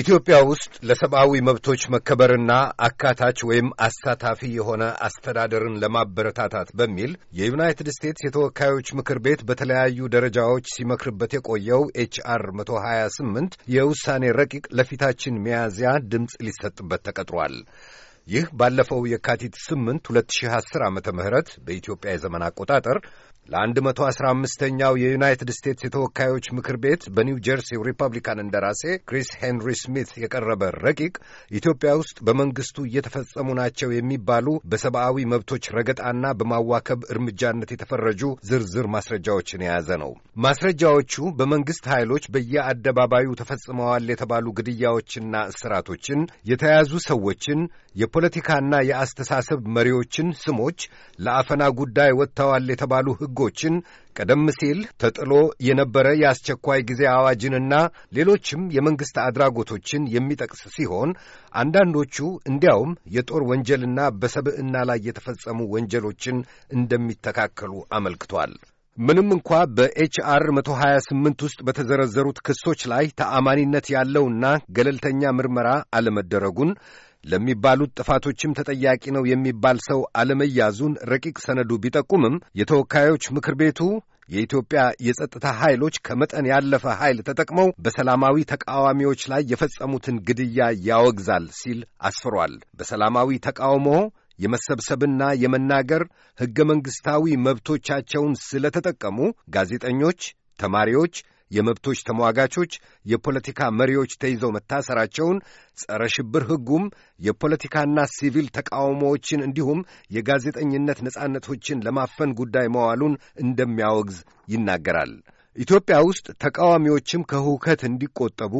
ኢትዮጵያ ውስጥ ለሰብአዊ መብቶች መከበርና አካታች ወይም አሳታፊ የሆነ አስተዳደርን ለማበረታታት በሚል የዩናይትድ ስቴትስ የተወካዮች ምክር ቤት በተለያዩ ደረጃዎች ሲመክርበት የቆየው ኤችአር 128 የውሳኔ ረቂቅ ለፊታችን ሚያዝያ ድምፅ ሊሰጥበት ተቀጥሯል። ይህ ባለፈው የካቲት 8 2010 ዓ ም በኢትዮጵያ የዘመን አቆጣጠር ለአንድ መቶ አስራ አምስተኛው የዩናይትድ ስቴትስ የተወካዮች ምክር ቤት በኒው ጀርሲው ሪፐብሊካን እንደራሴ ክሪስ ሄንሪ ስሚት የቀረበ ረቂቅ ኢትዮጵያ ውስጥ በመንግስቱ እየተፈጸሙ ናቸው የሚባሉ በሰብአዊ መብቶች ረገጣና በማዋከብ እርምጃነት የተፈረጁ ዝርዝር ማስረጃዎችን የያዘ ነው። ማስረጃዎቹ በመንግስት ኃይሎች በየአደባባዩ ተፈጽመዋል የተባሉ ግድያዎችና እስራቶችን፣ የተያዙ ሰዎችን፣ የፖለቲካና የአስተሳሰብ መሪዎችን ስሞች፣ ለአፈና ጉዳይ ወጥተዋል የተባሉ ሕጎችን ቀደም ሲል ተጥሎ የነበረ የአስቸኳይ ጊዜ አዋጅንና ሌሎችም የመንግሥት አድራጎቶችን የሚጠቅስ ሲሆን አንዳንዶቹ እንዲያውም የጦር ወንጀልና በሰብዕና ላይ የተፈጸሙ ወንጀሎችን እንደሚተካከሉ አመልክቷል። ምንም እንኳ በኤችአር 128 ውስጥ በተዘረዘሩት ክሶች ላይ ተአማኒነት ያለውና ገለልተኛ ምርመራ አለመደረጉን ለሚባሉት ጥፋቶችም ተጠያቂ ነው የሚባል ሰው አለመያዙን ረቂቅ ሰነዱ ቢጠቁምም የተወካዮች ምክር ቤቱ የኢትዮጵያ የጸጥታ ኃይሎች ከመጠን ያለፈ ኃይል ተጠቅመው በሰላማዊ ተቃዋሚዎች ላይ የፈጸሙትን ግድያ ያወግዛል ሲል አስፍሯል። በሰላማዊ ተቃውሞ የመሰብሰብና የመናገር ሕገ መንግሥታዊ መብቶቻቸውን ስለተጠቀሙ ጋዜጠኞች፣ ተማሪዎች የመብቶች ተሟጋቾች፣ የፖለቲካ መሪዎች ተይዘው መታሰራቸውን፣ ጸረ ሽብር ሕጉም የፖለቲካና ሲቪል ተቃውሞዎችን እንዲሁም የጋዜጠኝነት ነጻነቶችን ለማፈን ጉዳይ መዋሉን እንደሚያወግዝ ይናገራል። ኢትዮጵያ ውስጥ ተቃዋሚዎችም ከሁከት እንዲቆጠቡ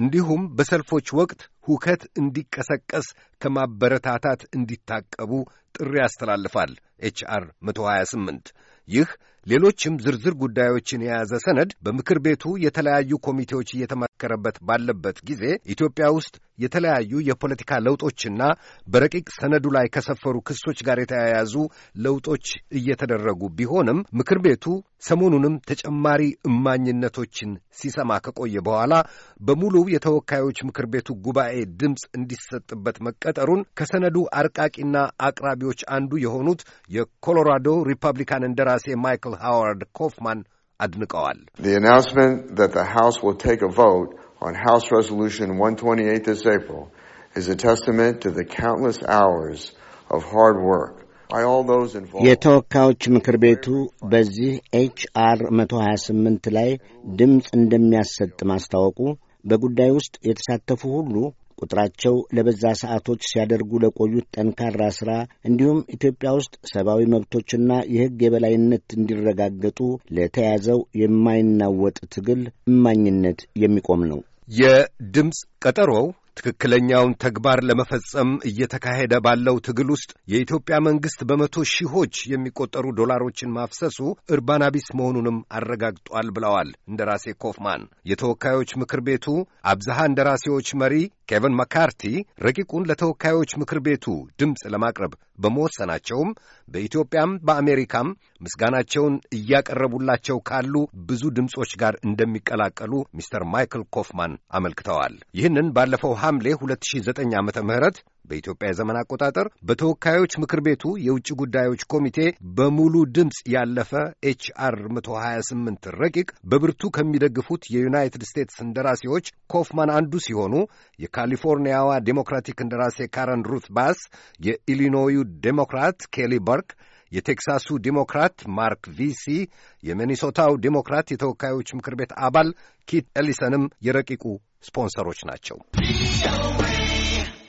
እንዲሁም በሰልፎች ወቅት ሁከት እንዲቀሰቀስ ከማበረታታት እንዲታቀቡ ጥሪ ያስተላልፋል። ኤችአር 128 ይህ ሌሎችም ዝርዝር ጉዳዮችን የያዘ ሰነድ በምክር ቤቱ የተለያዩ ኮሚቴዎች እየተመከረበት ባለበት ጊዜ ኢትዮጵያ ውስጥ የተለያዩ የፖለቲካ ለውጦችና በረቂቅ ሰነዱ ላይ ከሰፈሩ ክሶች ጋር የተያያዙ ለውጦች እየተደረጉ ቢሆንም ምክር ቤቱ ሰሞኑንም ተጨማሪ እማኝነቶችን ሲሰማ ከቆየ በኋላ በሙሉ የተወካዮች ምክር ቤቱ ጉባኤ ድምፅ እንዲሰጥበት መቀጠሩን ከሰነዱ አርቃቂና አቅራቢ ተቃዋሚዎች አንዱ የሆኑት የኮሎራዶ ሪፐብሊካን እንደራሴ ማይክል ሃዋርድ ኮፍማን አድንቀዋል። የተወካዮች ምክር ቤቱ በዚህ ኤች አር 128 ላይ ድምፅ እንደሚያሰጥ ማስታወቁ በጉዳይ ውስጥ የተሳተፉ ሁሉ ቁጥራቸው ለበዛ ሰዓቶች ሲያደርጉ ለቆዩት ጠንካራ ሥራ እንዲሁም ኢትዮጵያ ውስጥ ሰብአዊ መብቶችና የሕግ የበላይነት እንዲረጋገጡ ለተያዘው የማይናወጥ ትግል እማኝነት የሚቆም ነው። የድምፅ ቀጠሮው ትክክለኛውን ተግባር ለመፈጸም እየተካሄደ ባለው ትግል ውስጥ የኢትዮጵያ መንግሥት በመቶ ሺዎች የሚቆጠሩ ዶላሮችን ማፍሰሱ እርባናቢስ መሆኑንም አረጋግጧል ብለዋል እንደራሴ ኮፍማን። የተወካዮች ምክር ቤቱ አብዛሃ እንደራሴዎች መሪ ኬቨን መካርቲ ረቂቁን ለተወካዮች ምክር ቤቱ ድምፅ ለማቅረብ በመወሰናቸውም በኢትዮጵያም በአሜሪካም ምስጋናቸውን እያቀረቡላቸው ካሉ ብዙ ድምፆች ጋር እንደሚቀላቀሉ ሚስተር ማይክል ኮፍማን አመልክተዋል። ይህንን ባለፈው ሐምሌ 2009 ዓ ም በኢትዮጵያ የዘመን አቆጣጠር በተወካዮች ምክር ቤቱ የውጭ ጉዳዮች ኮሚቴ በሙሉ ድምፅ ያለፈ ኤችአር 128 ረቂቅ በብርቱ ከሚደግፉት የዩናይትድ ስቴትስ እንደራሴዎች ኮፍማን አንዱ ሲሆኑ የካሊፎርኒያዋ ዴሞክራቲክ እንደራሴ ካረን ሩት ባስ፣ የኢሊኖዩ ዴሞክራት ኬሊ በርክ የቴክሳሱ ዲሞክራት ማርክ ቪሲ፣ የሚኒሶታው ዲሞክራት የተወካዮች ምክር ቤት አባል ኪት ኤሊሰንም የረቂቁ ስፖንሰሮች ናቸው።